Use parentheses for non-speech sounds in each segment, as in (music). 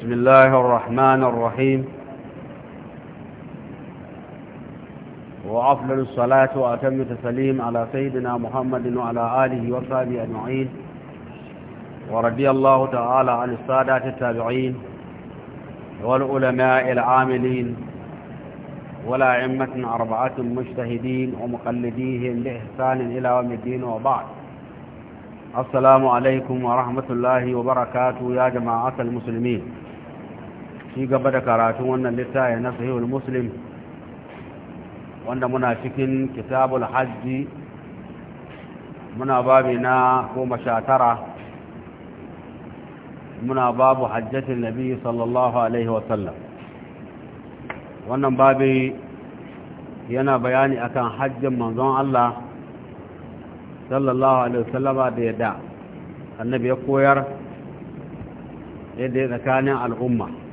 بسم الله الرحمن الرحيم وأفضل الصلاة وأتم تسليم على سيدنا محمد وعلى آله وصحبه أجمعين ورضي الله تعالى عن السادات التابعين والعلماء العاملين ولا عمة أربعة مجتهدين ومقلديهم بإحسان إلى يوم الدين وبعد السلام عليكم ورحمة الله وبركاته يا جماعة المسلمين Shi gaba da karatun wannan littafi na sahihul muslim wanda muna cikin kitabul hajji muna babi na goma sha tara muna babu hajjatin nabi sallallahu alaihi wasallam wannan babi yana bayani akan hajjin manzon Allah sallallahu alaihi wasallama da yadda annabi ya koyar yadda ya tsakanin al'umma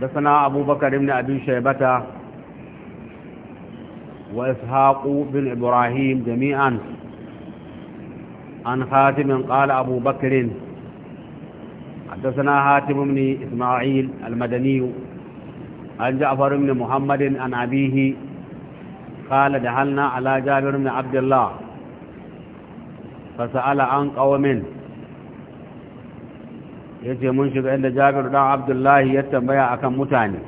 da sana abubakar ibn abin shaibata wa ishaku bin ibrahim jami'an an hatimin ƙala abubakarin da sana hatimin ne isma'il almadaniyu an ji a farin ne muhammadin an abihi ƙala da halna ala jami'ar ne abdullawa fasa'ala an ƙawamin ya ce mun shiga inda jabiru dan Abdullahi ya tambaya akan mutane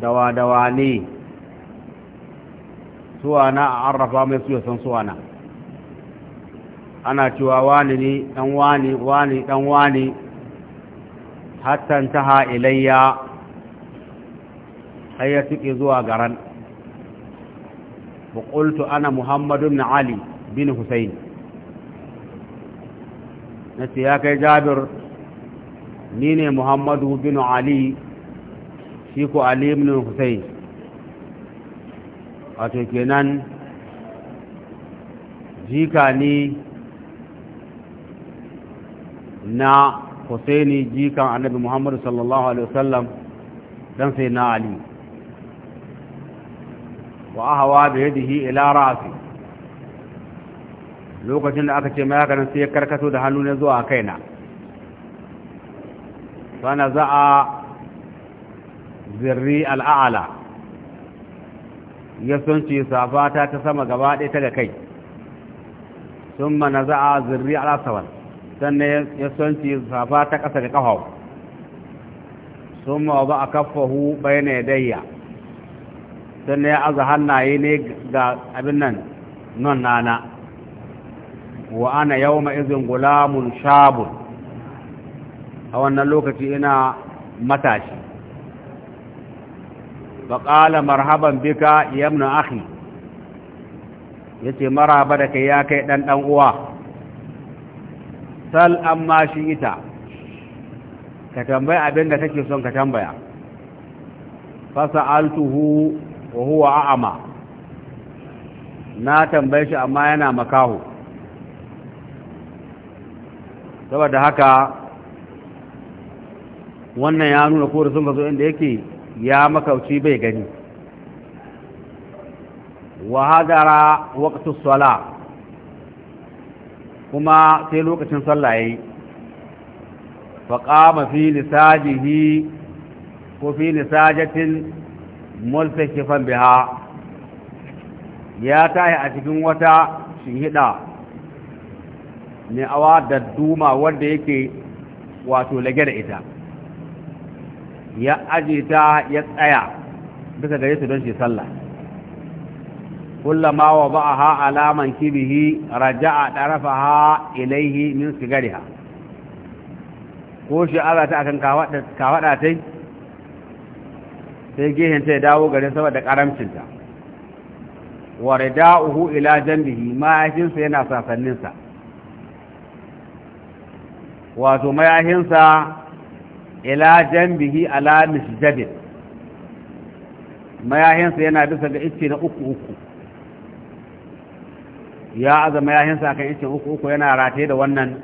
dawa dawa ne suwana a arrafa mai su san suwana ana cewa wani ne dan wani wani dan wani taha ilayya har ya tuke zuwa garan bukultu ana muhammadu na ali bin husaini na ce ya kai jabir ni ne muhammadu bin ali shi ko ali ibn husayn wato kenan jika ni na husaini jikan annabi muhammadu sallallahu alaihi wasallam dan sai na ali wa ahawa da yadihi ila ra'si lokacin da aka ce mai haka nan sai ya karkato da hannu na zuwa kaina فنزع ذري الأعلى يسنشي صافاتا تسمى قبادي تلكي ثم نزع ذري على سوال سنة يسنشي صافاتا قسر قهو ثم وضع كفه بين يدي سنة يأزهن ينيق ابنن ننانا وأنا يومئذ غلام شاب a wannan lokaci ina matashi ƙala marhaban bika yamna ahi ya ce maraba da kai ya kai ɗan ɗan uwa sal amma shi ita ka tambaya abin da take son ka tambaya fasa altuhu wa huwa a'ama na tambaye shi amma yana makaho saboda haka wannan ya nuna ko da sun zo inda yake ya makauci bai gani wa hadara waqtu sala kuma sai lokacin sallah yayi fa qama fi lisajihi ko fi lisajatin multakifan biha ya tahi a cikin wata shinhida ne awa da wanda yake wato lage da ita ya aje ta ya tsaya bisa gare su don shi sallah kullama wa ba'aha alaman kibihi raja'a darafaha ilaihi min sigariha ko shi ala ta akan kawada ta sai gehen ta ya dawo gare saboda karamcinta wa rida'uhu ila janbihi mayakinsa yana sasanninsa wato mayakinsa ila jambihi ala misjabin mayahinsa yana bisa ga ice na uku uku ya aza mayahinsa akan ice uku uku yana rataye da wannan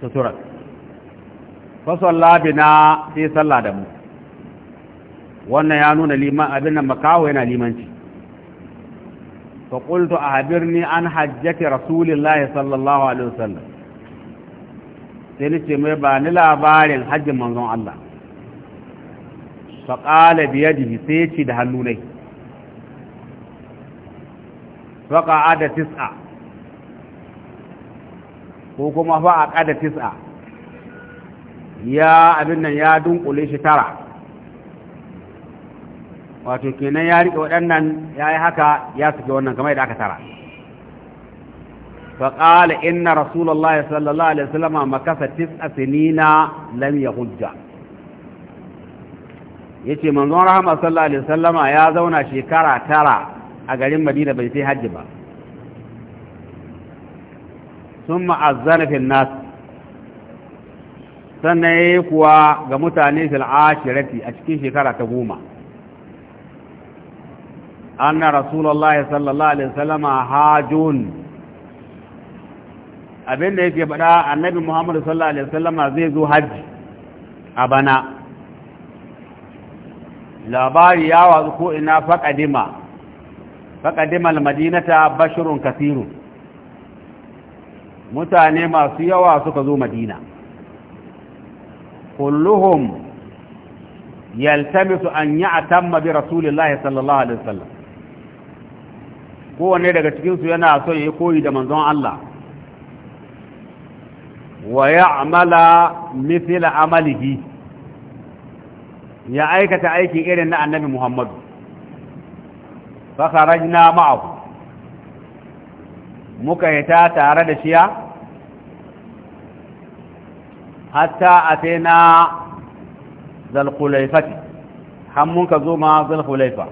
suturar fasalla bina sai sallah da mu wannan ya nuna liman abin makaho makawo yana limanci فقلت أهبرني عن حجة رسول الله صلى الله عليه وسلم sai nace mai ba ni labarin hajjin manzon Allah faƙala biya jihi sai ya ce da hannu nai faƙa da tis'a ko kuma faƙa da tis'a ya abin nan ya dunkule shi tara wato kenan ya riƙe waɗannan ya yi haka ya suke wannan kamar da aka tara فقال إن رسول الله صلى الله عليه وسلم مكث تسع سنين لم يهج yace manzon rahama sallallahu alaihi wasallama ya zauna shekara tara a garin Madina bai sai hajji ba summa azzana fil nas sannan yayi kuwa ga mutane fil ashirati a cikin shekara ta goma anna rasulullahi sallallahu alaihi wasallama hajun abin da yake faɗa annabi muhammadu sallallahu alaihi wasallama zai zo hajji a bana labari ya wazu ko'ina ina faƙadima faƙadima almadinata bashirun Kasiru. mutane masu yawa suka zo madina kulluhum yaltamisu an a bi rasulillahi sallallahu alaihi wasallam daga cikinsu yana son ya koyi da manzon Allah wa amala misila amaliki? ya aikata aikin irin na annabi Muhammadu fa kharajna ma'ahu muka hita tare da shiya hatta atena zalqulaifati har muka zo ma zalqulaifa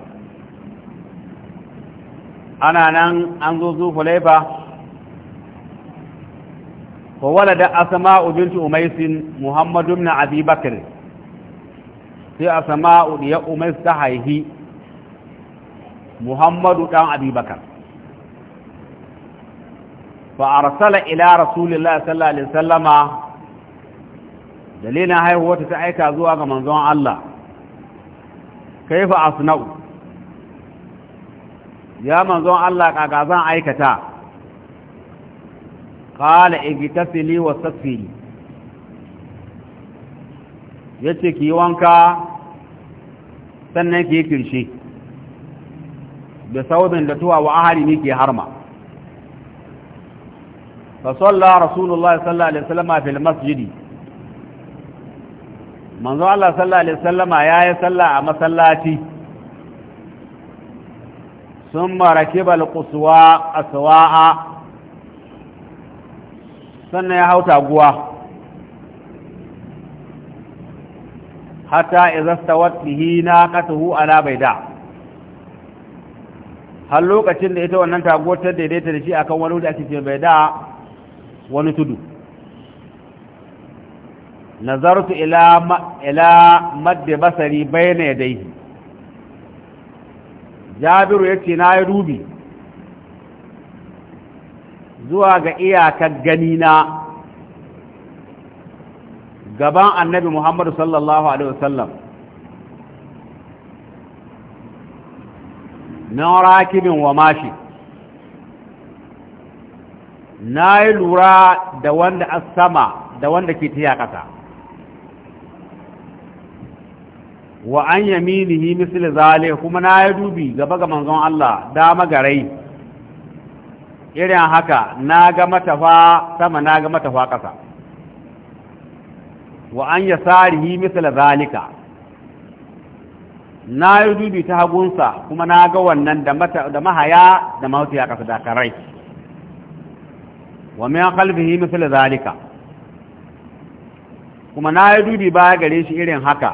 ana nan an zo zu hulaifa فولد أسماء بنت أميس محمد بن أبي بكر في أسماء يا أميس تحيه محمد بن أبي بكر فأرسل إلى رسول الله صلى الله عليه وسلم دليلنا هاي هو تتعيك أزواج منظوم الله كيف أصنعوا ya manzon Allah kaga zan aikata qala igtasili wa saffili yace ki wanka sannan ki kirshe da saudin da tuwa wa ahari ne ke harma fa salla rasulullahi sallallahu alaihi wasallam fil masjidi manzo Allah sallallahu alaihi wasallam yayi salla a masallaci ثم ركب القصواء أسواء sannan ya hau taguwa Hata izastawat bihi katuhu ala baida har lokacin da ita wannan taguwar ta daidaita da shi akan wani da ake ce baida wani tudu nazartu ila ila madd basari bayna yadayhi jabiru yace na yi dubi zuwa ga iyakar ganina gaban annabi Muhammadu sallallahu Alaihi wasallam na rakibin wa mashi na yi lura da wanda a sama da wanda ke tiya ƙasa wa an ni misali zale kuma na yi dubi gaba ga manzon Allah dama garai irin haka na ga matafa sama na ga matafa ƙasa wa an ya sarihi misala zalika na yi dubi ta hagunsa kuma na ga wannan da mahaya da a ƙasa da karai wa min kalbihi misala zalika kuma na yi dubi baya gare shi irin haka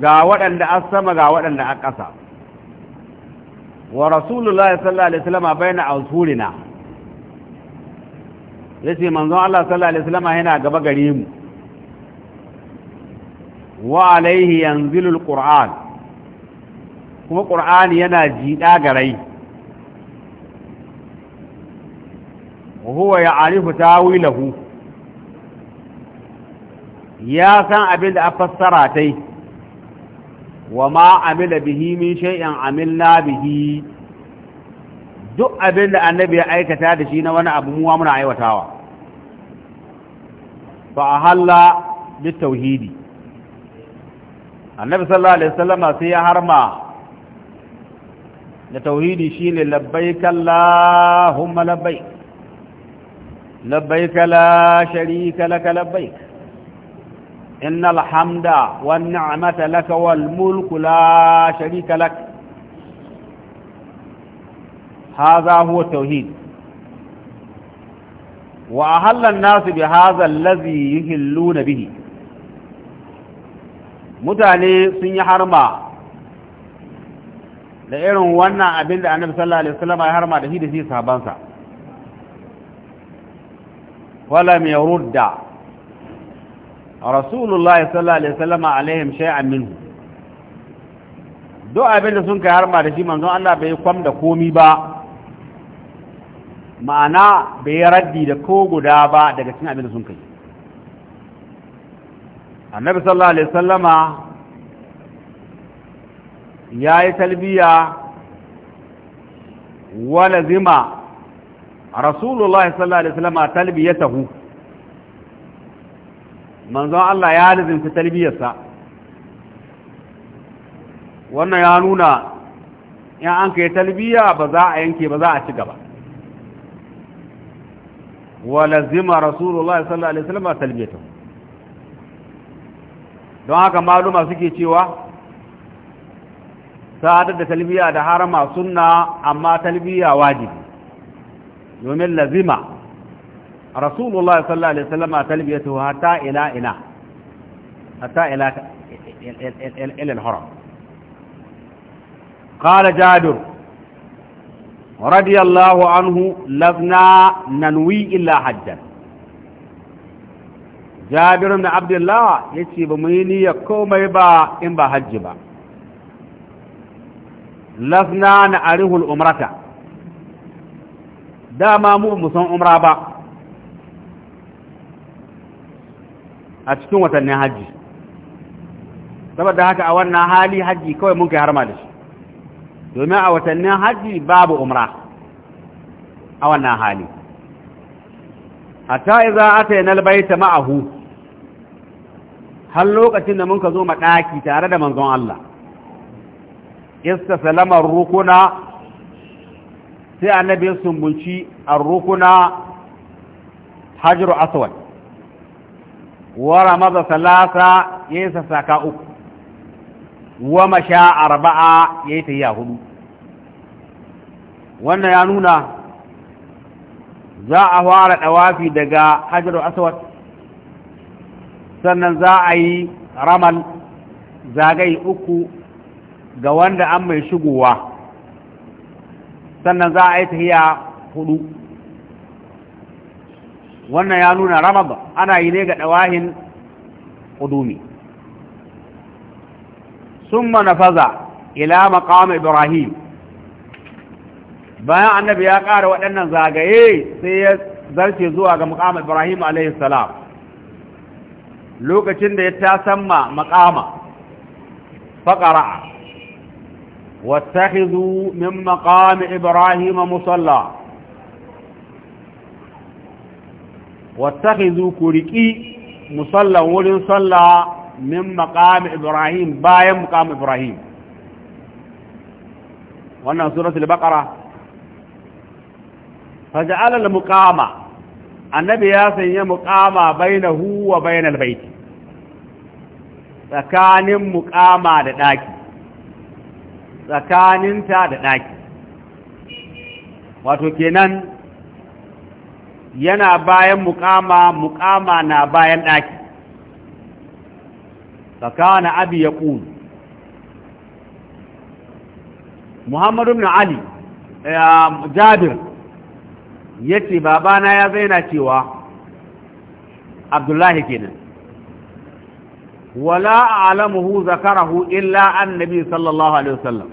ga waɗanda a sama ga waɗanda a ƙasa wa rasulullahi sallallahu alaihi wasallam bayna azhurina yace manzon Allah sallallahu alaihi wasallam yana gaba gare mu wa alaihi yanzilu alquran kuma qur'ani yana jida garai huwa ya'rifu tawilahu ya san abin da a fassara tai wa ma amila bihi min shay'in amilna bihi duk abin da annabi ya aikata da shi na wani abu muwa muna aiwatawa fa ahalla bit tauhidi annabi sallallahu alaihi wasallam sai ya harma da tauhidi shine labbaik allahumma labbaik labbaik la sharika lak labbaik إن الحمد والنعمة لك والملك لا شريك لك هذا هو التوحيد وأهل الناس بهذا الذي يهلون به mutane sun yi harma da irin wannan abin da annabi sallallahu alaihi wasallam ya harma da shi da rudda rasulullah sallallahu alaihi wasallam alaihim shay'an minhu duk abin sun kai harma da shi manzon Allah bai kwam da komi ba ma'ana bai raddi da ko guda ba daga cikin abinda sun kai annabi sallallahu alaihi wasallama yayi talbiya wa lazima rasulullahi sallallahu alaihi wasallama talbiyatahu manzon Allah ya lizinta talbiyarsa wannan ya nuna in an kai talbiya ba za a yanke ba za a ci gaba walazima rasulullah sallallahu alaihi wasallam talbiyatu don haka maluma suke cewa sadar da talbiya da harama sunna amma talbiya wajibi domin lazima rasulullah sallallahu alaihi wasallam talbiyatu hatta ila ina hatta ila ila al-haram qala jabir radiyallahu anhu labna nanwi illa hajjan jabir ibn abdullah yace ba mu yi niyya komai ba in ba hajji ba lafna na arihul umrata dama mu musan umra ba a cikin watannin hajji saboda haka a wannan hali hajji kawai mun kai harma da shi domin a watannin hajji babu umra a wannan hali hatta idza atayna ta ma'ahu har lokacin da mun ka zo maɗaki tare da manzon Allah istasalama rukuna sai annabi sun bunci a rukuna hajar aswad Wara maza salasa ya yi sassaka uku wa masha arba'a yayi tahiya hudu wannan ya nuna za a fara ɗawafi daga hajar aswad sannan za a yi ramal zagaye uku ga wanda an mai shigowa sannan za a yi tahiya hudu wannan ya nuna ramab ana yi ne ga ɗawahin ƙudumi summa nafaza ila Makama ibrahim bayan annabi ya ƙara waɗannan zagaye sai ya zarce zuwa ga Makama ibrahim salam lokacin da ya tasamma maqama Wata hizu min maqam ibrahim musalla wattakhizu ku riki musallan wurin sallah min maqam ibrahim bayan maqam ibrahim wannan suratul baqara faja'ala al-muqama annabi ya sanya muqama bainahu wa bainal bait tsakanin muqama da daki tsakaninta da daki wato kenan yana bayan mukama mukama na bayan ɗaki tsakana abi ya ƙunu muhammadu ibn ali jabir ya ce babana ya zaina cewa abdullahi kenan wala alamuhu zakarahu illa annabi sallallahu alaihi wasallam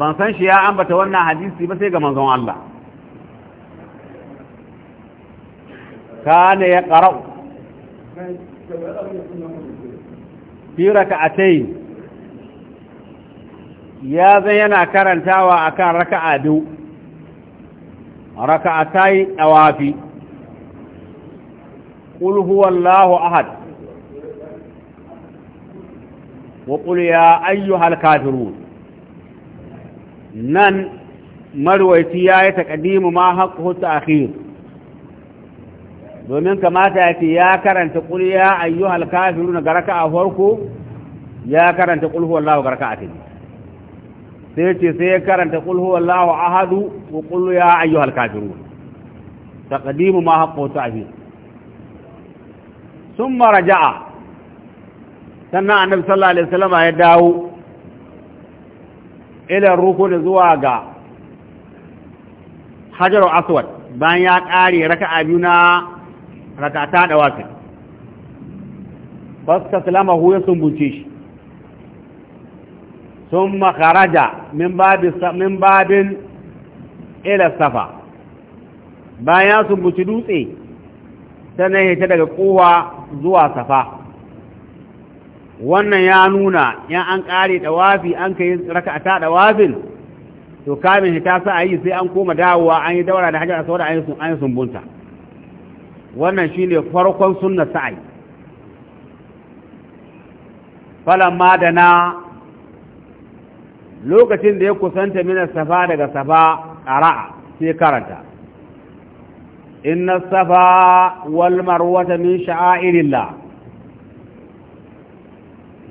ban san shi ya ambata wannan hadisi ba sai ga manzon Allah kana ya qara'u fi raka'atayn ya zai yana karantawa akan raka'a biyu raka'atai dawafi qul huwallahu ahad wa qul ya ayyuhal kafirun nan marwaiti ya yi taƙadimu ma haƙƙo domin kamata ya ce ya karanta ƙulya ayyuhal kafiru na garaka a farko ya karanta ƙulhu wa garaka a tabi sai ce sai ya karanta ƙulhu wa ahadu wa ƙulya ayyuhal kafiru ƙadimu ma ta haqqo Sun mara ja'a. sannan annab sallallahu alaihi wasallama ya dawo ila rukun zuwa ga hajaru aswad bayan ya kare raka'a biyu na rakata da wafi fasta huye ya sumbuce shi sun makaraja min babin ila safa bayan sumbuci dutse ta na ta daga kowa zuwa safa wannan ya nuna ya an kare da wafi an ka rakata raka'ata wafin to kamin hita sa yi sai an koma dawowa an yi daura da hajjar aswada an yi sumbunta wannan shine farkon sunna sa'ai. falamma da na lokacin da ya kusanta minas safa daga safa ƙara'a sai karanta inna safa wal marwata min sha'airillah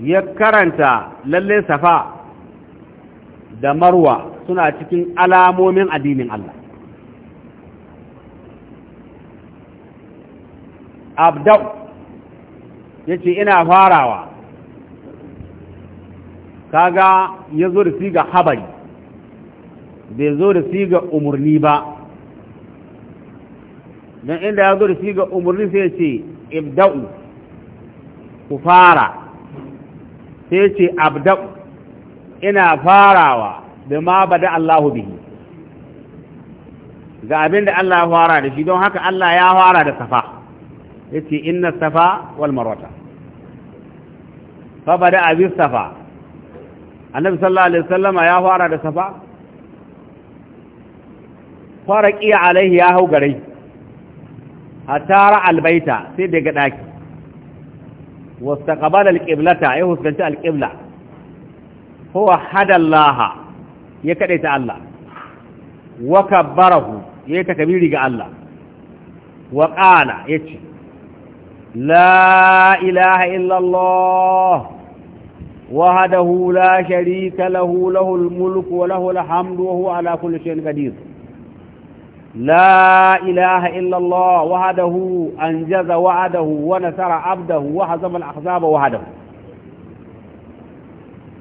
ya karanta lalle safa da marwa suna cikin alamomin addinin Allah abdau yace ina farawa kaga ya zo da siga habari bai zo da siga umarni ba don inda ya zo da siga umarni sai ce ibda'u ku fara sai ce abda'u ina farawa da ma bada Allahu bihi ga abin da Allah ya fara da shi don haka Allah ya fara da safa yace inna safa wal marwata fa bada abi safa annabi sallallahu alaihi wasallama ya fara da safa fara qiya alaihi ya hau garai atara albaita sai daga daki wastaqbala alqiblata ya huskanci alqibla huwa hadallaha ya kadaita Allah wa kabbarahu ya takbiri ga Allah wa qala yace لا إله إلا الله وحده لا شريك له له الملك وله الحمد وهو على كل شيء قدير لا إله إلا الله وحده أنجز وعده ونسر عبده وحزم الأحزاب وحده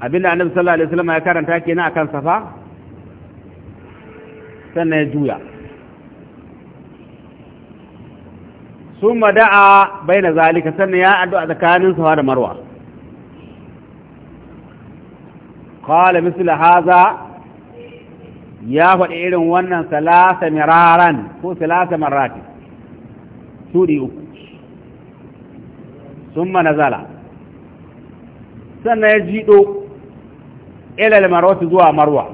أبينا النبي صلى الله عليه وسلم karanta kenan كان safa سنة ya sun mada'a bai na zalika sannan ya addu'a tsakanin safa da marwa kawala misali haza ya faɗi irin wannan salasa miraran ko salasa marati tuɗi uku sun manazala sannan ya jiɗo ilal marwatu zuwa marwa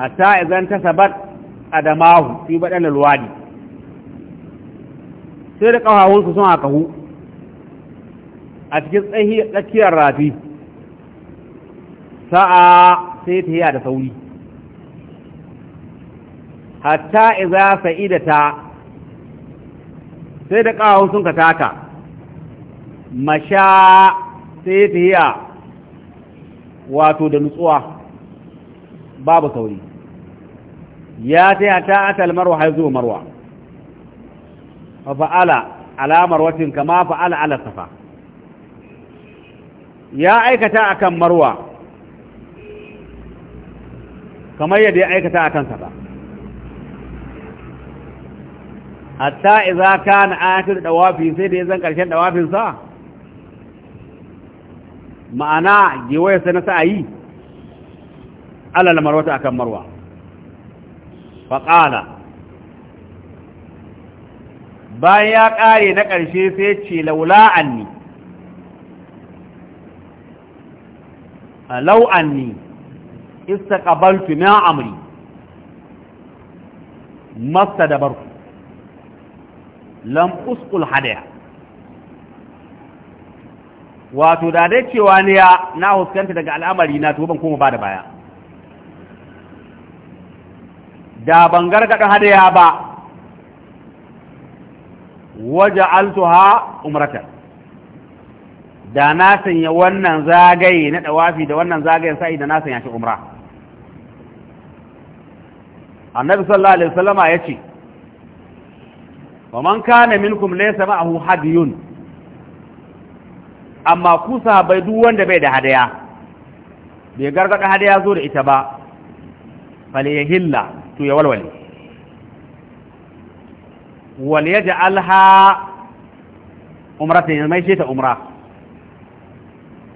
hatta izan ta sabat adamahu fi baɗan alwadi sai da ƙafafunsu sun a kahu a cikin tsakiyar rafi sa'a sai ta yi da sauri hatta iza sa'ida ta sai da ƙawon sun ka taka masha sai ta yi wato da nutsuwa babu sauri ya ta yi ta atal marwa har zuwa marwa fa fa'ala alamar watin kama fa'ala ala ya aikata akan marwa kamar yadda ya aikata akan safa hatta idza kana akhir dawafi sai da ya karshen dawafin ma'ana giwaye sai na sa'ayi alal marwata akan marwa faqala bayan ya ƙare na ƙarshe sai ce laula anni ni isa istaqabaltu na amri masta da barku lam usqul hadaya wato da dai cewa ne ya na huskanta daga al'amari na to ban koma ba da baya da ban gargada hadaya ba waja'altuha umratan da na sanya wannan zagaye na dawafi da wannan zagayen sa'i da na sanya shi umra annabi sallallahu alaihi wasallam yace wa man kana minkum laysa ma'ahu hadiyun amma ku bai duk wanda bai da hadaya bai gargada hadaya zo da ita ba fale ya hilla to ya walwale wal yaj'alha umratan mai ce ta umra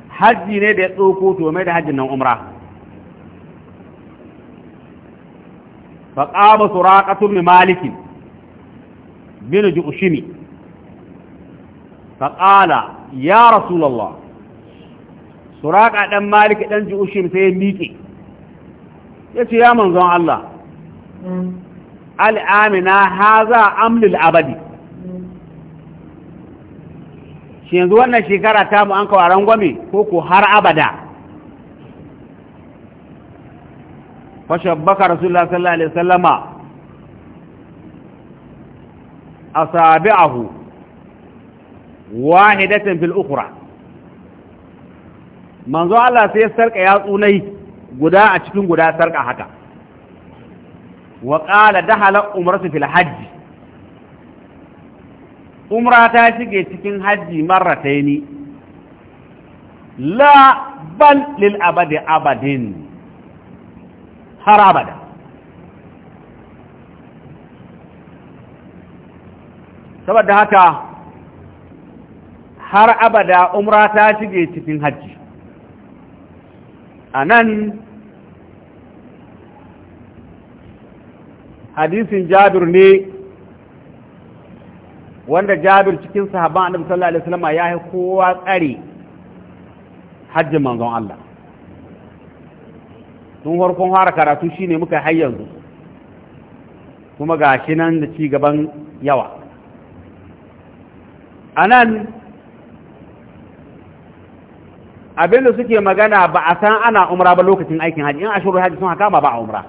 hajji ne da ya tsoko to mai da hajjin nan umra fa qama suraqatu min malik bin ju'shimi fa qala ya rasulullah suraka dan malik dan ju'shim sai ya miƙe yace ya manzon Allah hmm. al'amina haza amlil abadi shi yanzu wannan shekara ta mu an kawaran gwami ko ko har abada fashabbaka rasulullah sallallahu alaihi wasallama asabi'ahu wahidatan fil ukura manzo Allah sai sarka tsunai guda a cikin guda sarka haka wa qala dahala umratu fil hajj umra taa shige cikin hajji marrataini la bal lil abadi abadin har abada saboda haka har abada umra taa shige cikin hajji anan. hadisin jabir ne wanda jabir cikin sahaban annabi sallallahu alaihi wasallam ya yi kowa tsare hajjin manzon Allah tun farkon fara karatu shine muka har yanzu kuma ga shi nan da ci gaban yawa anan abinda suke magana ba a san ana umra ba lokacin aikin haji in ashuru haji sun haka ba ba a umra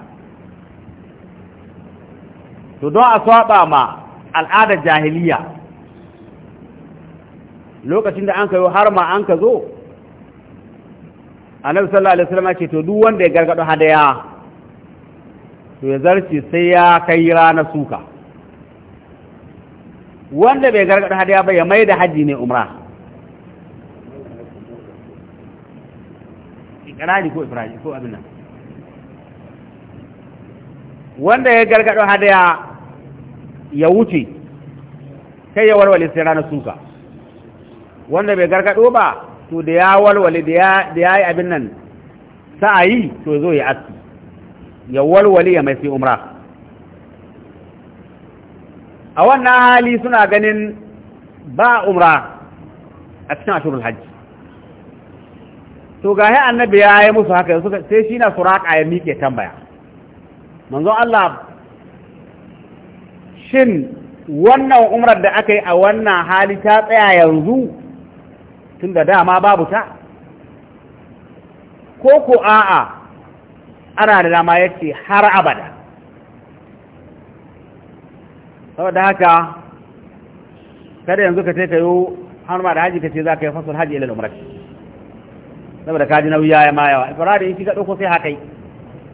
to don a saba ma al'adar jahiliya lokacin da an kayo har ma an ka zo annabi sallallahu alaihi wasallam ce to duk wanda ya gargado hadaya to ya zarce sai ya kai rana suka wanda bai gargado hadaya ba ya mai da haji ne umra ikrari ko ifraji ko abin nan wanda ya gargado hadaya ya wuce kai ya walwale sai ranar suka wanda bai gargado ba to da ya walwale da ya yi abin nan sa'ayi to zo ya aski ya walwale ya mai sai umra a wannan hali suna ganin ba umra a cikin ashirul hajji to ga annabi ya yi musu haka sai shi na suraka ya miƙe tambaya manzo Allah shin wannan umrar da aka yi a wannan hali ta tsaya yanzu tun da dama babu ta ko ko a'a ana da dama ya ce har abada saboda haka kada yanzu ka teka yi har ma da haji ka ce za ka yi fasar haji ilil umarci saboda kaji nauyi ya ma yawa da yake kika ɗauko sai haka yi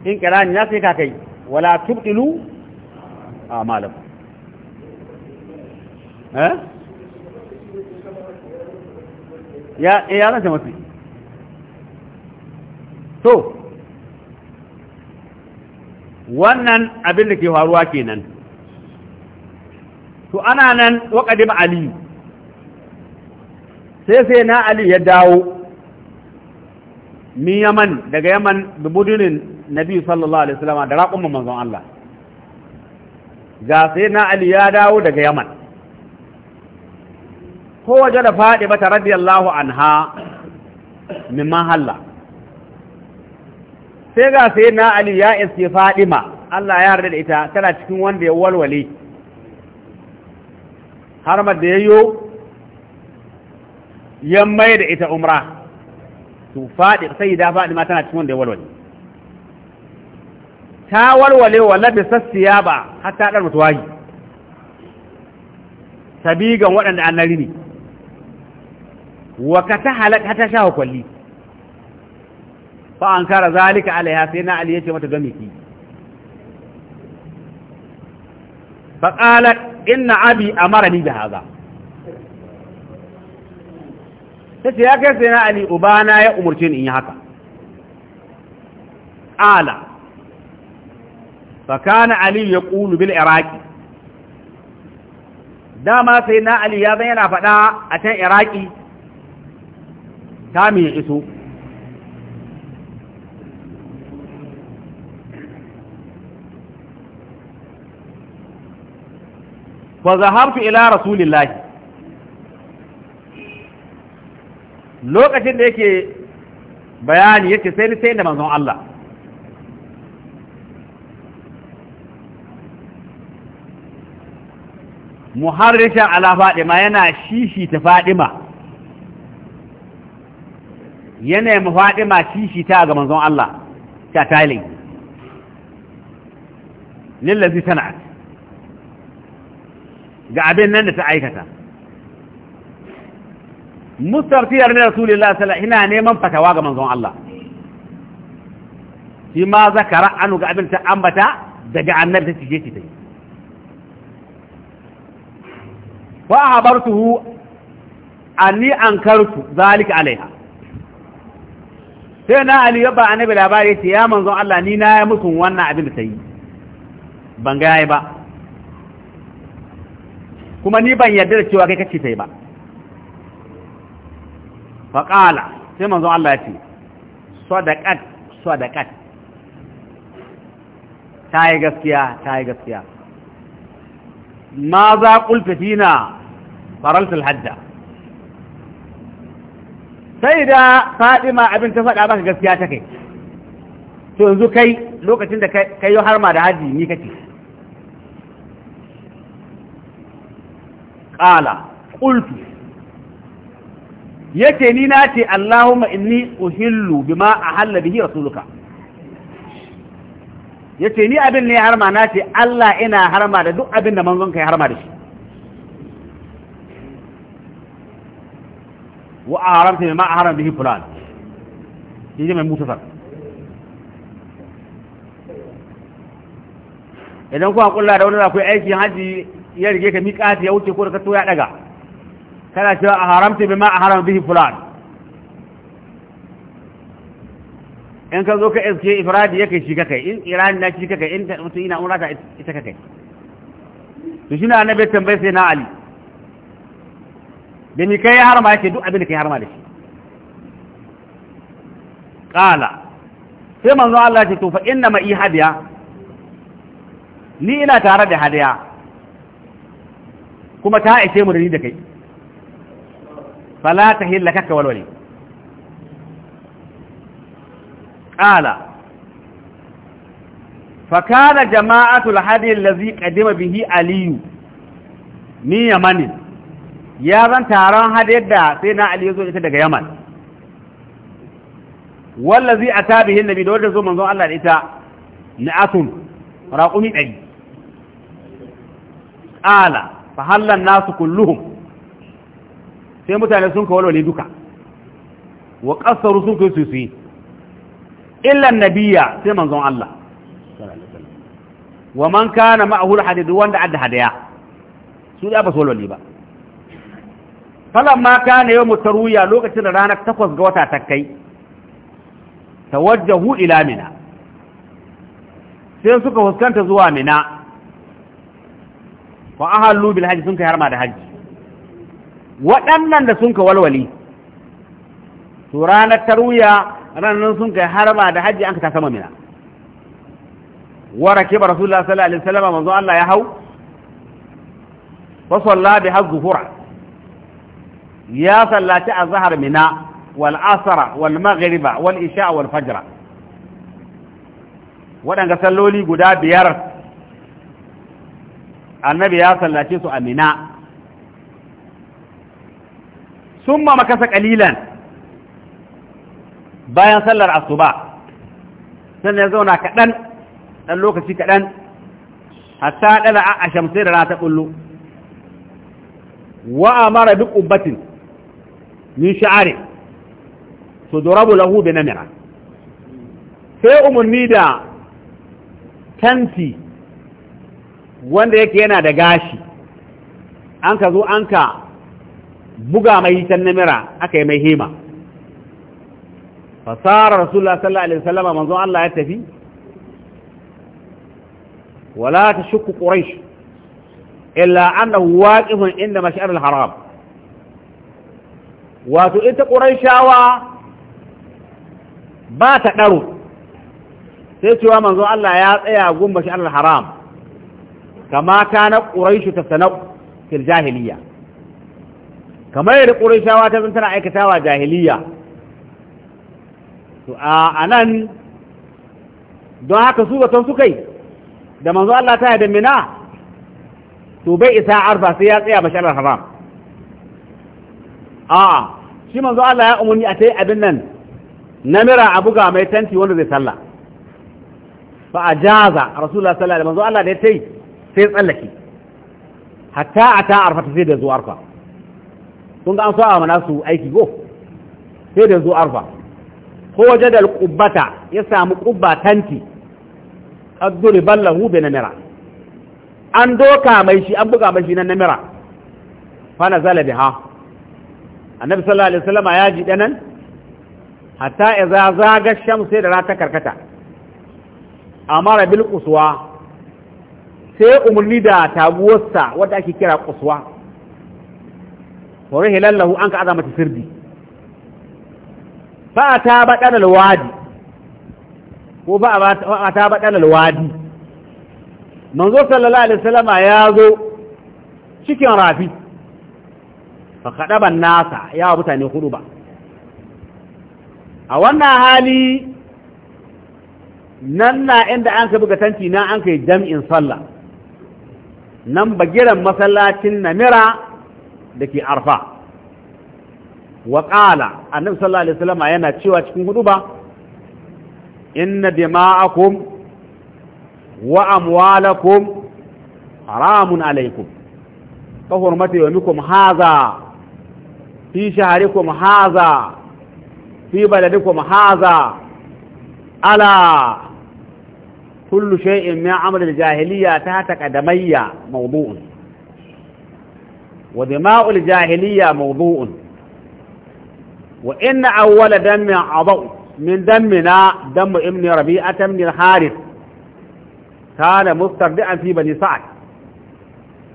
in kirani ya sai haka yi wala tubdilu a malamu Eh? ya eh, ya rasa mafi to wannan abin da ke faruwa kenan to ana nan waƙadim ali sai sai na ali ya dawo min yaman daga yaman da budunin nabi sallallahu alaihi wasallam da raƙon manzon Allah ga sai na ali ya dawo daga yaman ko waje da faɗi mata radiyallahu anha min mahalla sai ga sai na Ali ya iske ma Allah ya yarda da ita tana cikin wanda ya walwale har ma da yo ya mai da ita umra to faɗi sai da ma tana cikin wanda ya walwale ta walwale wa labisa siyaba hatta yi sabi sabigan waɗanda annari ne wa ka ta halaka ta sha kwalli fa an kara zalika alaiha sai na ali yace mata gami ki fa qala inna abi amarani bi hadha sai ya kai sai na ali ubana ya umurce ni in yi haka qala fa kana ali yaqulu bil iraqi dama sai na ali ya bayyana faɗa a can iraqi kame ya iso fa zahabtu ila rasulillah. lokacin da yake bayani yake sai ni sai da manzon Allah muharrisha ala fadima yana shishi ta fadima Yanayin mu Fatima kishi ta ga manzon Allah ta talin lillazi sana'at ga abin nan da ta aikata mustartiyar ne rasulullah sallallahu alaihi wasallam neman fatawa ga manzon Allah shi ma zakara anu ga abin ta ambata daga annabi ta cije shi dai wa habartuhu anni ankartu zalika alaiha sai na ali ya ba annabi labari yace ya manzon Allah ni na ya musu wannan abin da ta yi ban ga yayi ba kuma ni ban yarda da cewa kai kace ta yi ba fa qala sai manzon Allah ya ce sadaqat sadaqat ta yi gaskiya ta yi gaskiya ma za qulta fina faralta al-hajja sai da fadima abin ta faɗa maka gaskiya ta kai to yanzu kai lokacin da kai yi harma da haji ni kake ƙala ƙultu yake ni na ce Allahumma inni uhillu bima ahalla bihi rasuluka yace ni abin ne harma na ce Allah ina harma da duk abin da manzon kai harma da shi wa haramta ma haram bihi fulan yaje mai mutasar idan kuka kulla da wani za ku aikin haji ya rige ka miƙa ya wuce ko da ka toya daga kana cewa a haramta bi ma a haram bihi fulan in ka zo ka iske ifradi ya kai shi kakai in irani na shi kakai in mutum ina umra ta ita kakai to shi na annabi tambaye sai na ali da mi kai harma yake duk abin da kai harma da shi qala sai manzo Allah ya ce to fa inna ma hadiya ni ina tare da hadiya kuma ta aike mu da ni da kai fala tahilla kaka walwali qala فكان جماعة الهدي الذي قدم به علي من يمن ya zan taron hadayar da sai na Ali ya zo ita daga Yaman wallazi atabihi nabi da wanda zo manzon Allah da ita na raqumi raƙumi ala Ƙala hallan nasu kulluhum sai mutane sun kawo kawalwale duka wa qassaru sun kai susi illa nabiya sai manzon Allah wa man kana ma'ahu al-hadid wanda adda hadaya su da ba su walwale ba falan ma kana yawmu taruya lokacin da ranar takwas ga wata ta kai tawajjahu ila mina sai suka fuskanta zuwa mina ko fa hallu bil hajji sun kai harma da hajji waɗannan da sun ka walwali su ranar taruya ranar sun kai harma da hajji an ka ta sama mina wara rakiba rasulullah sallallahu alaihi wasallam manzo Allah ya hau fa salla bi hazuhura ya sallaci a mina wal asra wal maghriba wal isha wal waɗanga salloli guda biyar annabi ya sallace su a mina summa makasa kalilan bayan sallar asuba sannan ya zauna kaɗan ɗan lokaci kaɗan hatta ɗala a shamsai da rana ta ƙullo wa amara duk ubbatin min sha'ari su durabu lahu bi namira sai umarni da kanti wanda yake yana da gashi an ka zo an ka buga mai na namira aka yi mai hima fasarar rasulullah sallallahu alaihi wasallama manzon Allah ya tafi wala ta shukku quraish illa annahu waqifun inda mash'ar al-haram wato ita ƙuraishawa ba ta ɗaro sai cewa manzo Allah ya tsaya gumba shi haram kama na ƙuraishu ta sanau fil jahiliya kamar yadda ƙuraishawa ta tana aikatawa jahiliya to a nan don haka su baton su kai da manzo Allah ta yi da mina to bai isa arfa sai ya tsaya mashi haram a shi manzo Allah ya umarni a ta yi abin nan namira a buga mai tanti wanda zai salla. fa a jaza rasulullah sallallahu alaihi manzo Allah da ya ta yi sai tsallake hatta a ta arfa ta sai da zuwa arfa kun ga an sa'a mana su aiki go sai da zuwa arfa ko waje da kubbata ya samu kubba tanti qadduri ballahu bi namira an doka mai shi an buga mai shi na namira fa nazala biha annabi sallallahu alaihi wasallam ya ji danan hatta idza zaga shams sai da rata karkata amara bil quswa sai umurni da taguwarsa wanda ake kira quswa wa an ka azama sirdi fa ta badan wadi ko ba a ta badan wadi manzo sallallahu alaihi wasallam ya zo cikin rafi fa ban nasa ya mutane hudu ba a wannan hali nan na inda an ka buga tanti na an kai jam'in sallah nan bagiran masallacin namira da ke arfa wa ƙala annabi sallallahu alaihi wasallam yana cewa cikin hudu ba inna dima'akum wa amwalakum haramun alaikum ka hurmata mikum haza في شهركم هذا في بلدكم هذا ألا كل شيء من عمل الجاهلية تحت قدمي موضوع ودماء الجاهلية موضوع وإن أول دم عضو من دمنا دم ابن ربيعة بن الحارث كان مستردئا في بني سعد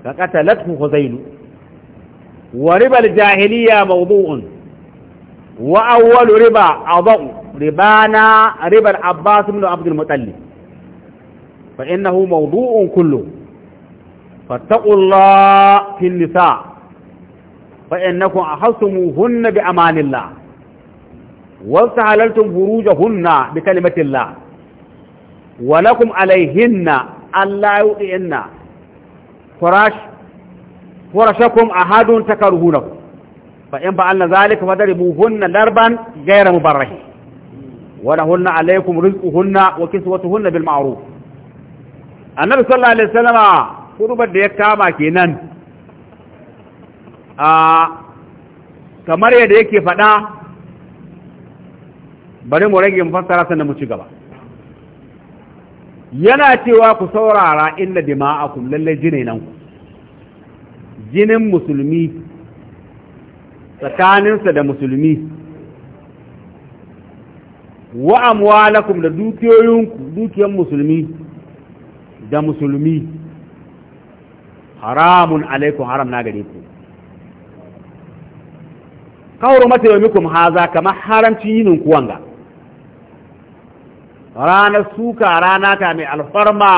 فقتلته خزيل وربا الجاهلية موضوع وأول ربا أضاء ربانا ربا العباس بن عبد المطلب فإنه موضوع كله فاتقوا الله في النساء فإنكم أحصموهن بأمان الله واستحللتم فروجهن بكلمة الله ولكم عليهن ألا يؤئن فراش فرشكم أحد تكرهونه فإن فعلنا ذلك فضربوهن ضربا غير مبرح ولهن عليكم رزقهن وكسوتهن بالمعروف النبي صلى الله عليه وسلم قرب da ya kama kenan a kamar yadda yake faɗa bari mu rage fassara sannan mu ci gaba yana cewa ku saurara inna dima'akum lalle jinainan ku jinin musulmi tsakaninsa da musulmi wa amwalakum da dukiyoyin musulmi da musulmi haramun alaikum haram na gare ku kawar mata yau mikum haza kamar haramcin yinin kuwanga ranar suka rana ta mai alfarma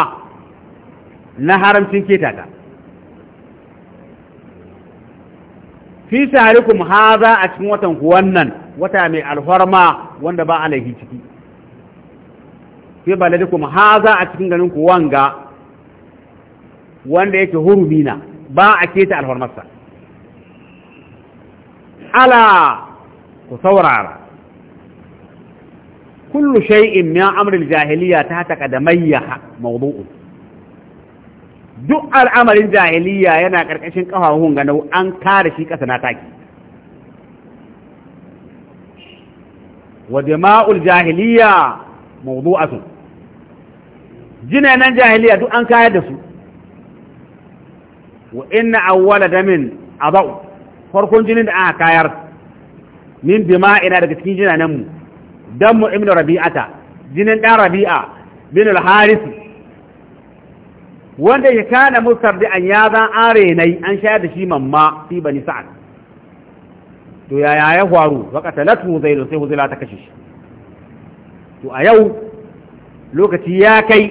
na haramcin ketata fi tarikum haza a cikin watan ku wannan wata mai alhorma wanda ba alaihi ciki fi baladikum haza a cikin ganin ku wanga wanda yake hurumina ba a keta alfarmarsa ala ku saurara kullu shay'in min amri al-jahiliya ta taqadamayya mawdu'un duk al'amarin jahiliya yana ƙarƙashin ƙafafun ganau an kare shi ƙasa na taki wa jama'ul jahiliya mawdu'atun jinanan jahiliya duk an kayar da su wa inna awwala damin ba'u farkon jinin da aka kayar min dima'ina daga cikin jinanan mu damu ibnu rabi'ata jinin dan rabi'a bin al-harith wanda ya kana da an ya zan are nai an shayar da shi mamma fi bani sa'ad to ya ya ya faru wa qatalatu zaid sai huzaila ta kashe shi to a yau lokaci ya kai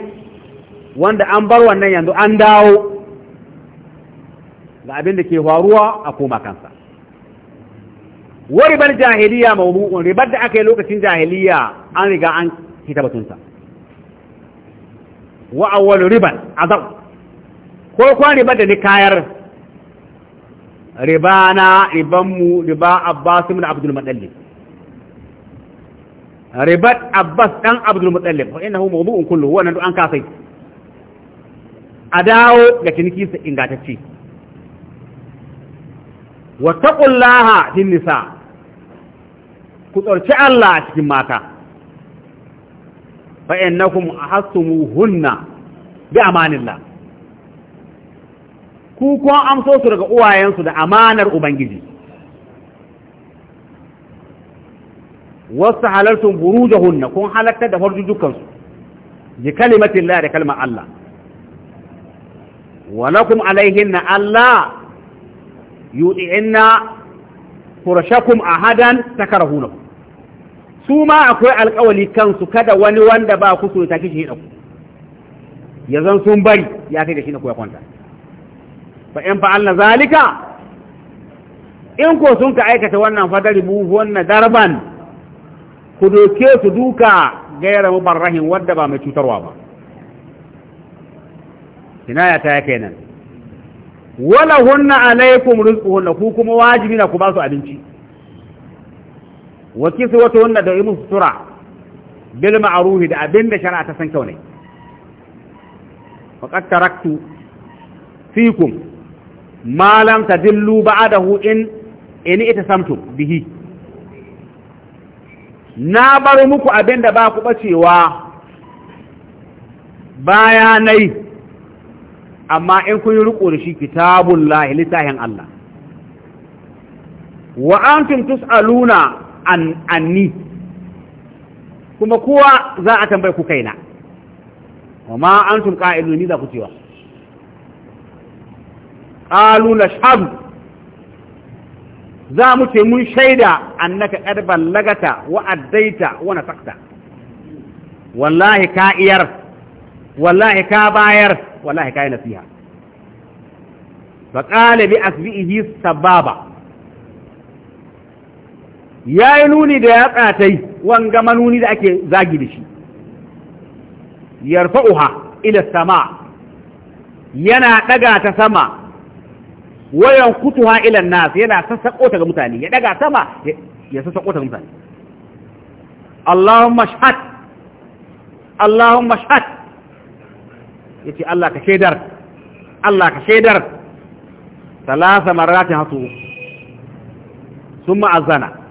wanda an bar wannan yanzu an dawo ga abin da ke faruwa a koma kansa wa ribar jahiliya mawdu'un ribar da aka yi lokacin jahiliya an riga an kitabatunsa wa awwalu riban azab ko ko riba da ni kayar riba na riban mu riba Abbas ibn Abdul Muttalib riba Abbas dan Abdul Muttalib fa innahu mawdu'un kullu wannan an kasai adawo dawo ga ciniki sa ingatacce wa taqullaha fin nisa ku tsorci Allah cikin mata a innakum hunna bi amanillah ku kun amso su daga uwayensu da amanar ubangiji wasu halartun hunna kun halartar da farjujukansu ji kalimatin da kalmar Allah walakum na Allah a hadan ahadan karahunaku. su ma akwai alkawali kansu kada wani wanda ba ku so ta kishi da ku ya zan sun bari ya kai da shi na ku ya kwanta fa in fa'alna zalika in ko sun ka aikata wannan fadari bu wannan darban ku doke su duka gaira barrahin wanda ba mai cutarwa ba kinaya ta yake nan wala hunna alaikum rizquhunna ku kuma wajibi na ku ba su abinci wa kiswatuhunna da imu sutura bil ma'ruf da abinda shari'a ta san kyau ne faqad taraktu fikum ma lam tadillu ba'dahu in in samtu bihi na bar muku abinda ba ku bacewa bayanai amma in kun yi riƙo da shi kitabun lahi littafin Allah wa antum tus'aluna an anni kuma kowa za a tambaye ku kaina wa ma antum qa'ilu ni za ku cewa qalu nashhadu za mu ce mun shaida annaka qad lagata wa wani wa wallahi ka iyar wallahi ka bayar wallahi ka yi nasiha Ba qala bi asbihi sababa ya yi nuni da ya tsatai wanga manuni da ake zagi da shi yarfa'uha ila sama yana daga ta sama wayan kutuha ila nas yana sassako ta ga mutane ya daga sama ya sassako ta ga mutane Allahumma shahad Allahumma shahad yace Allah ka shaidar Allah ka shaidar ثلاث مرات هطوه ثم أذنه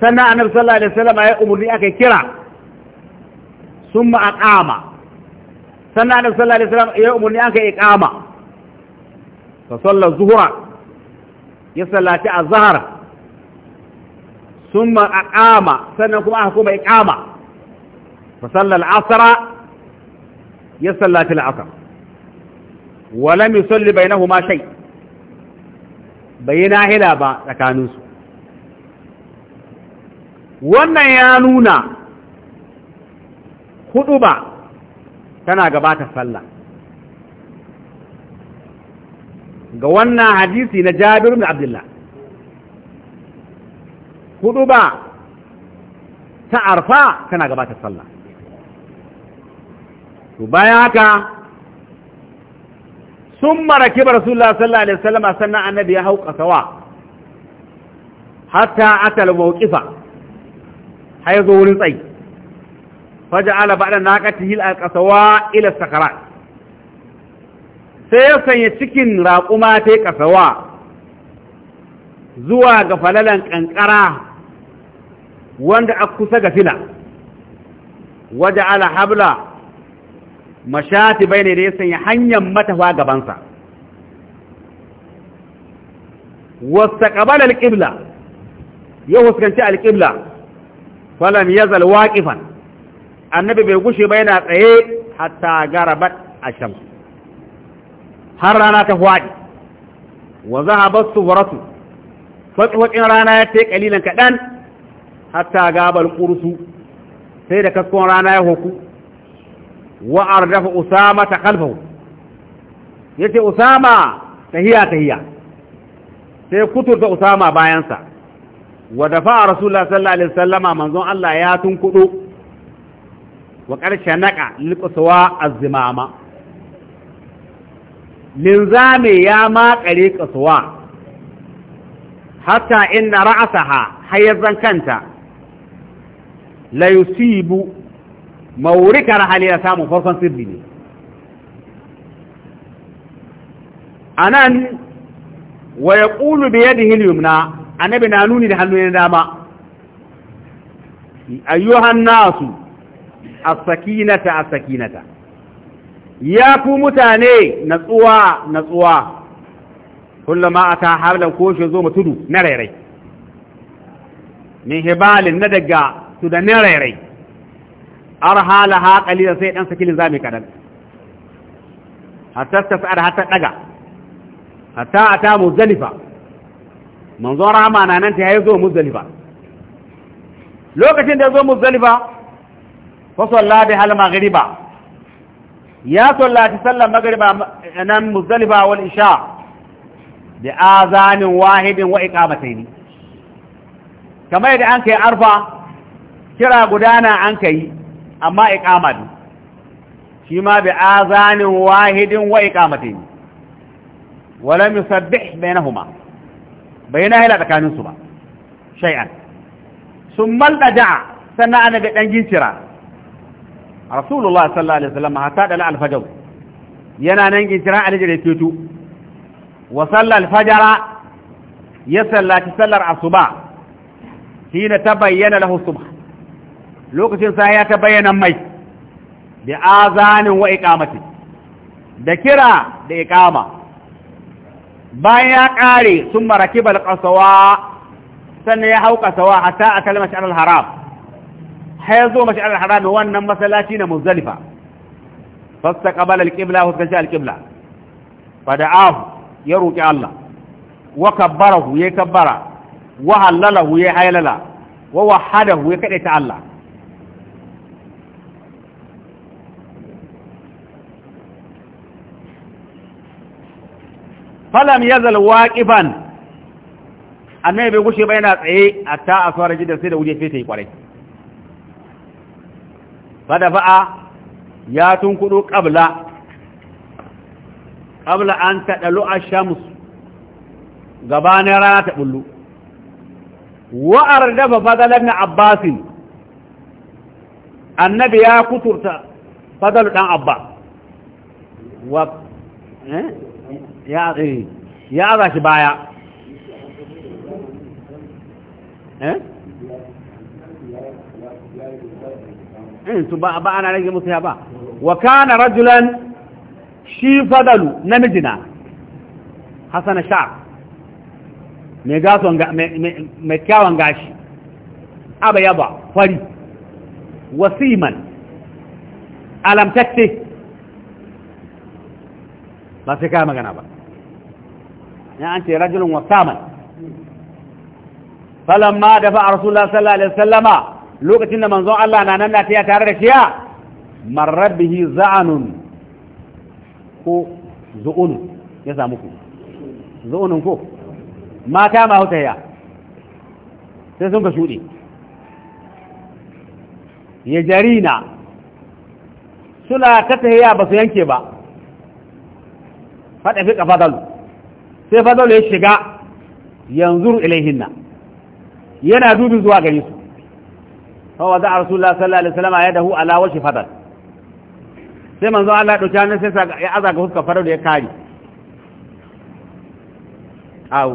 sannan annabi sallallahu alaihi wasallam ya umurni aka kira summa aqama sannan annabi sallallahu alaihi wasallam ya umurni aka iqama fa salla zuhra ya sallati azhar summa aqama sannan kuma aka kuma iqama fa salla al-asr ya sallati al-asr wa lam yusalli bainahuma shay bayna hila ba tsakaninsu wannan ya nuna hudu ba tana gabata sallah ga wannan hadisi na jabir bin abdullah hudu ba ta arfa tana gabata sallah to bayan haka sun maraki rasulullah sallallahu alaihi wasallam sannan annabi ya hauka sawa hatta atal mawqifa har zo wurin tsayi faja ala ba'da naqatihi hil qasawa ila sakara sai ya sanya cikin raƙuma ta zuwa ga falalan ƙanƙara wanda a kusa ga fila waje ala habla mashati bai ne da ya sanya hanyar matafa gabansa wasta ƙabalar ƙibla ya huskanci alƙibla falam yazal waqifan annabi bai gushe ba yana tsaye hatta garabat ashams har rana ta fadi wa zahabat suwaratu fatwakin rana ya tai kalilan kadan hatta gabal qursu sai da kaskon rana ya hoku wa ardafa usama ta kalfahu yace usama tahiya tahiya sai kuturta usama bayansa wa dafa rasulullah sallallahu alaihi sallama manzon Allah ya tunkudo wa ƙarshe naƙa liqaswa azimama linzame ya makare kaswa hatta inna ra'saha hayyazan kanta la yusibu hali ya samu farkon sirri ne anan wa yaqulu bi yadihi al annabi na nuni da hannu na dama ayyuhan nasu as-sakinata as-sakinata ya ku mutane natsuwa natsuwa kullama ata hablan ko shi zo mutudu na rairai min hibalin na daga tudanin rairai arhala ha qalila sai dan sakilin zami kadan hatta tasar hatta daga hatta ata muzdalifa manzon rahama na nan ta yayi zo muzdalifa lokacin da ya zo muzdalifa fa salla bi hal maghriba ya sallati sallan maghriba nan muzdalifa wal isha bi azanin wahidin wa iqamataini kamar yadda an kai arfa kira gudana an kai amma iqama ne shi ma bi azanin wahidin wa iqamataini ولم يسبح بينهما bai na hila tsakaninsu ba shay'an sun malda da'a sannan ana da ɗan gincira rasulullah sallallahu alaihi wasallam hatta da alfajar yana nan gincira alijir ya fito wa sallar alfajara ya sallaci sallar asuba shi na ta bayyana lahu subha lokacin sa ya ta bayyana mai da azanin wa iqamati da kira da ikama. bayan ya ƙare sun maraki balƙasawa sannan ya hau ƙasawa a ta a kalmar shi'ar al-haram har zo mashi al-haram wannan masallaci na muzalifa fasta ƙabal al-ƙibla huskanci al-ƙibla fada'ahu ya roƙi Allah wa kabbarahu ya kabbara wa hallalahu ya haylala wa wahadahu ya kaɗaita Allah falam yazal waqifan annabi bai gushe ba yana tsaye a ta a tsara gidan sai da wuje sai ta yi kwarai fada fa'a ya tunkudu qabla qabla an tadalu ash-shams gabanin rana ta bullu wa ardafa fadalan abbasin annabi ya kuturta fadalu dan abba wa eh ya tsaye eh, shi baya in eh? su eh, ba ana rage musu ya ba wa kana rajulan shi fadalu namijina hasana sha mai gaso mai kyawan gashi aba yaba fari wasiman Alamtakte, ba sai kaya magana ba ya an ce rajulun wasaman falamma da fa rasulullah sallallahu alaihi wasallama lokacin da manzon Allah na nan na taya tare da shiya marrabihi za'anun ko zu'un ya samu ku zu'unun ko mata ma sai sun ka shuɗe ya jarina suna ta tahiya ba su yanke ba faɗa fi ƙafa sai fadal ya shiga yanzu ilaihinna yana dubin zuwa gani su fa wada rasulullah sallallahu alaihi wasallam dahu ala washi fadal sai manzo Allah ya dauki hannun sai ya aza ga fuskar fadal ya kare aw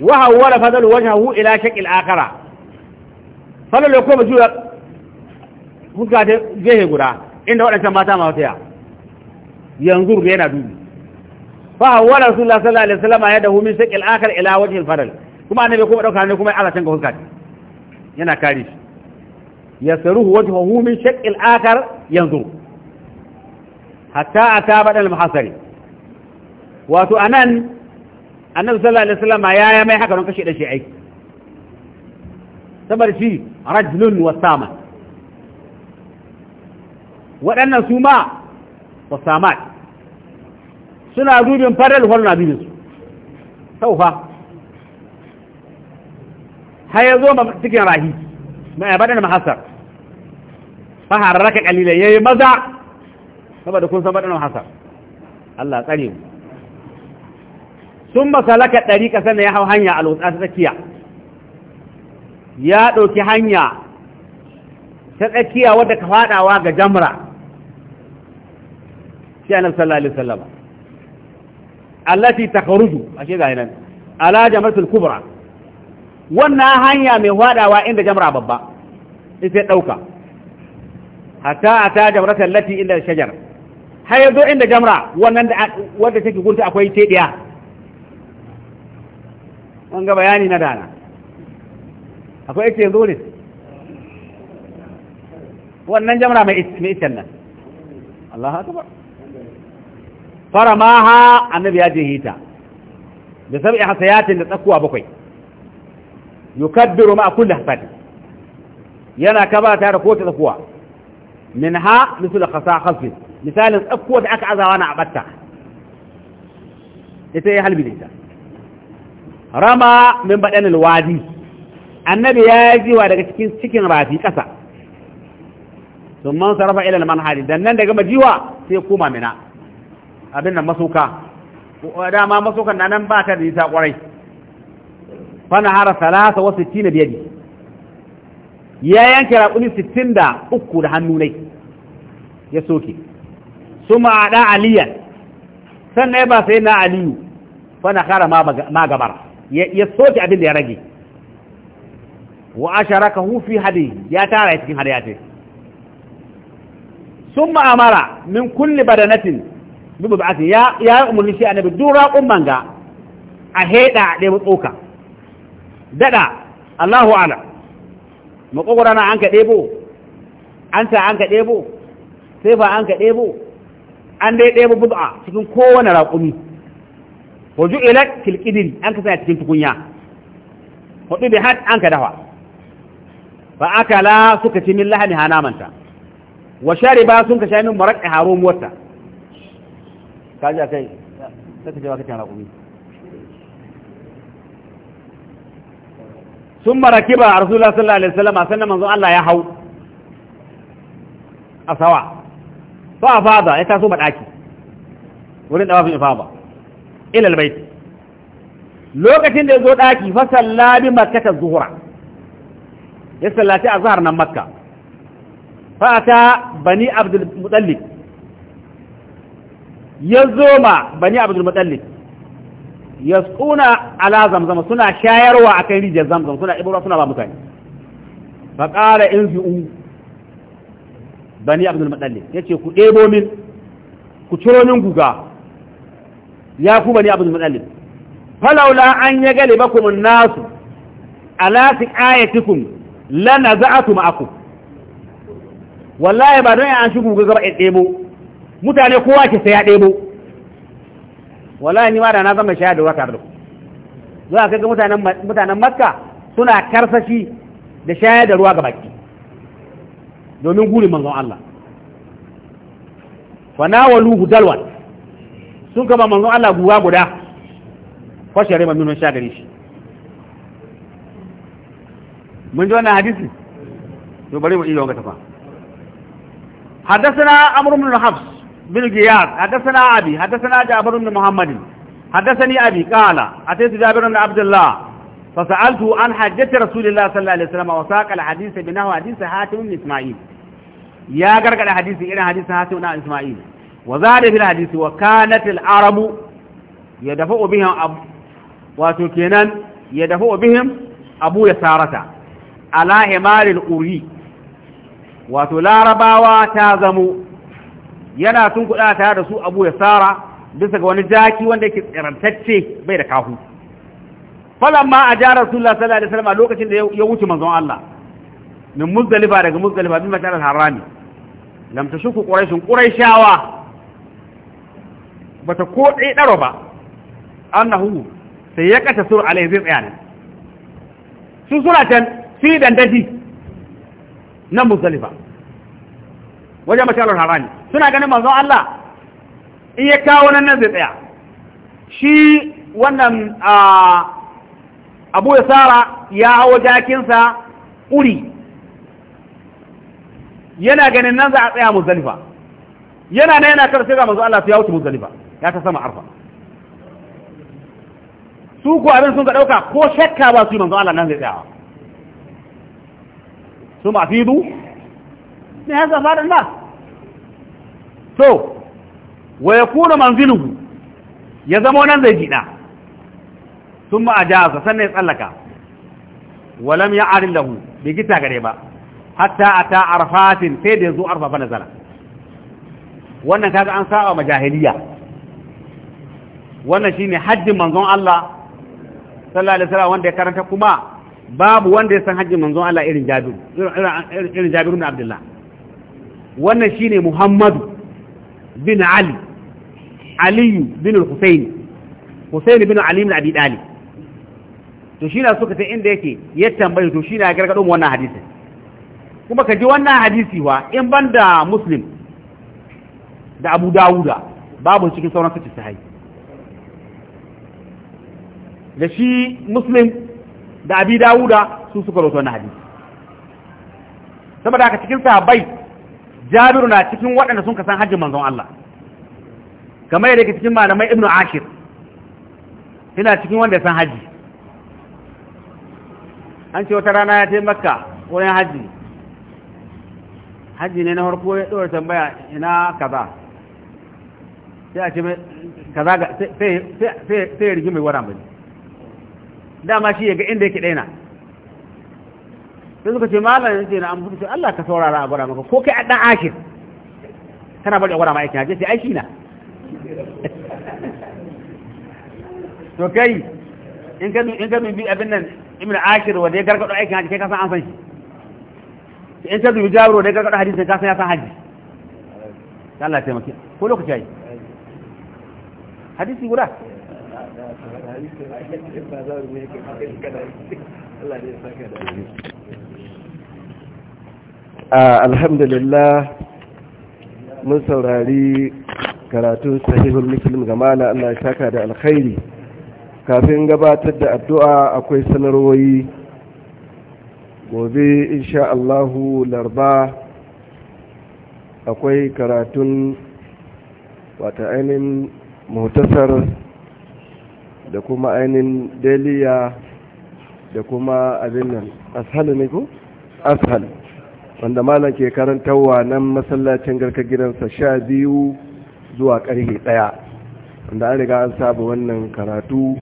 wa hawala fadal wajhahu ila shakil akhara fadal ya koma juya fuska ta gehe guda inda wadannan mata ma wata yanzu yana dubi fa wa rasulullah sallallahu alaihi wasallam ya dahu min saqil ila wajhi al kuma annabi kuma dauka ne kuma Allah can ga yana kare shi yasaruhu wajhuhu min yanzu hatta ata badal muhasari wato anan annabi sallallahu alaihi wasallam ya ya mai haka don kashe da shi aiki sabar shi rajulun wasama waɗannan su ma wasamat suna dubin farar kwallo na dubin su saufa har ya zo cikin rahi mai abadan mahasar fahar raka kalila ya yi maza saboda kun san baɗin mahasar Allah tsare mu sun masalaka ɗari ƙasar da ya hau hanya a lotsa ta tsakiya ya ɗauki hanya ta tsakiya wadda ka faɗawa ga jamra shi nan sallallahu alaihi wasallam allati takhruju ashe ga nan ala jamratul kubra wannan hanya mai hwadawa inda jamra babba ita dauka hatta ata jamratul lati inda shajar har yanzu inda jamra wannan wanda take gunta akwai tediya an ga bayani na dana akwai ita yanzu ne wannan jamra mai iccen nan Allah akbar faramaha annabi ya jihita da sab'i hasayatin da tsakuwa bakwai yukaddiru ma kulli hasatin yana kabata da kowace tsakuwa minha misal khasa khasfi misalin tsakuwa da aka azawa na abatta ita ya halbi da ita rama min badanil wadi annabi ya jiwa daga cikin cikin rafi kasa sun man sarrafa ilal manhari dan nan daga majiwa sai koma mina abin nan masuka dama masukan nan ba ta da nisa kwarai fana hara salasa wasu tina biyadi ya yanke raƙuni sittin da uku da hannu ne ya soke su ma'ada aliyan sannan ya ba sai na aliyu fana kara ma gabar ya soke abin da ya rage wa asharaka hu hufi hadi ya tara ya cikin ce sun ma'amara min kulli badanatin dubu ba'ati ya ya umarni shi annabi dura umman ga a heda da mu tsoka dada Allahu ala makogora na an ka debo an ta an ka debo sai fa an ka debo an dai debo bid'a cikin kowane raƙumi waju ila tilqidin an ka sai cikin tukunya hudu bi had an ka dafa fa akala suka ci min lahani hanamanta wa shariba sun ka sha min maraqi harum wata kaji a kai saka jawa kacin raƙumi sun mara kiba a rasulullah sallallahu alaihi wasallam sannan manzon Allah ya hau a sawa fa a fada ya taso ba ɗaki wurin dawafin ifaba ila albayt lokacin da ya zo ɗaki fa sallabi makkata zuhura ya sallati zahar nan makka fa ta bani abdul mutallib ya zo ma bani abu zulmatsalli ya tsuna ala zamzama suna shayarwa a kan rijiyar zamzama suna ibarwa suna ba mutane Ba ƙara in fi'u bani abu zulmatsalli ya ce ku ɗebo min ku ciro min guga ya ku bani abu zulmatsalli falaula an ya gale bakumin nasu ala ayatikum la naza'atu ma'akum wallahi ba don an shi guga gaba ɗebo mutane kowa ke saya ya ɗebo wallahi ni ma da na zama shaya da wata da zuwa kai ga mutanen makka suna karsashi da shaya da ruwa ga baki domin guri manzon Allah fa nawaluhu dalwan sun kama manzon Allah guwa guda kwashe rai mamin sha gari shi mun ji wannan hadisi to bari mu iya wanga tafa حدثنا عمرو بن Hafs? بن جياز حدثنا أبي حدثنا جابر بن محمد حدثني أبي قال أتيت جابر بن عبد الله فسألته عن حجة رسول الله صلى الله عليه وسلم وساق الحديث بنه حديث حاتم بن إسماعيل يا قرق الحديث إلى حديث حاتم بن إسماعيل وزاد في الحديث وكانت العرب يدفع بهم أب وتكينا يدفع بهم أبو يسارة على حمار الأري وتلاربا وتازموا yana tun kuɗa ta da su abu ya sara bisa ga wani jaki wanda yake tsirantacce bai da kahu falamma a jara rasulullah sallallahu alaihi wasallam lokacin da ya wuce manzon Allah min muzdalifa daga muzdalifa min matarar harami lam tashuku quraishun quraishawa bata ko dai daro ba annahu sai ya kata sur alai zai tsaya ne su suratan fi dandaji na muzdalifa wajen mashalar harami suna ganin manzon Allah in ya kawo nan nan zai tsaya shi wannan abu ya tsara ya hawo jakinsa uri yana ganin nan za a tsaya muzalifa yana na yana karshe ga manzo Allah su ya wuce muzalifa ya ta sama arfa su ko abin sun ga dauka ko shakka ba su manzo Allah nan zai tsaya su ma fidu ne haka faɗin ba to wa ya kuna ya zama nan zai jiɗa sun ma a jasa sannan ya tsallaka walam ya arin lahu bai gita gare ba hatta ata ta arfatin sai da ya zo arfa fa nazara wannan kaga an saba ma jahiliya wannan shine hajjin manzon Allah sallallahu alaihi wasallam wanda ya karanta kuma babu wanda ya san hajjin manzon Allah irin Jabir irin Jabir ibn Abdullah wannan shine muhammadu bin ali aliyu bin husaini husaini bin ali bin abi Dali to shi na suka ta inda yake ya tambaye to shi na gargaɗo mu wannan hadisi kuma ka ji wannan hadisi wa in ban da muslim da abu dawuda babu cikin sauran su sahih da shi muslim da abi dawuda su suka rawaito wannan hadisi saboda haka cikin sahabbai jabiru na cikin waɗanda sun kasan hajjin manzon Allah kamar yadda ke cikin malamai ibnu ashir ina cikin wanda ya san hajji an ce wata rana ya ce makka wurin hajji hajji ne na harko ya ɗora tambaya ina kaza sai a ce kaza sai ya rigi mai wara mai dama shi ya ga inda yake ɗaina sai suka ce malam ya ce na an mutu Allah ka saurara a gwada maka ko kai a dan ashir kana bari a gwada ma aikin hajji sai aiki na (laughs) to kai in ka in ka bi abin nan ibn ashir wanda ya gargado aikin hajji kai ka san an san shi in ka dubi jabiro da ya gargado hadisin ka san ya san hajji Allah ya taimake ko lokaci yayi hadisi guda (laughs) Allah ne ya saka da alhamdulillah mun saurari karatun sahihul muslim ga mala Allah ya saka da alkhairi kafin gabatar da addu'a akwai sanarwoyi gobe insha Allahu larba akwai karatun wata ainihin mutasar da kuma ainihin daliya da kuma abin nan ashal ne ko? ashal wanda malam ke karantarwa nan masallacin garka gidansa sha biyu zuwa karhe ɗaya wanda an riga an saba wannan karatu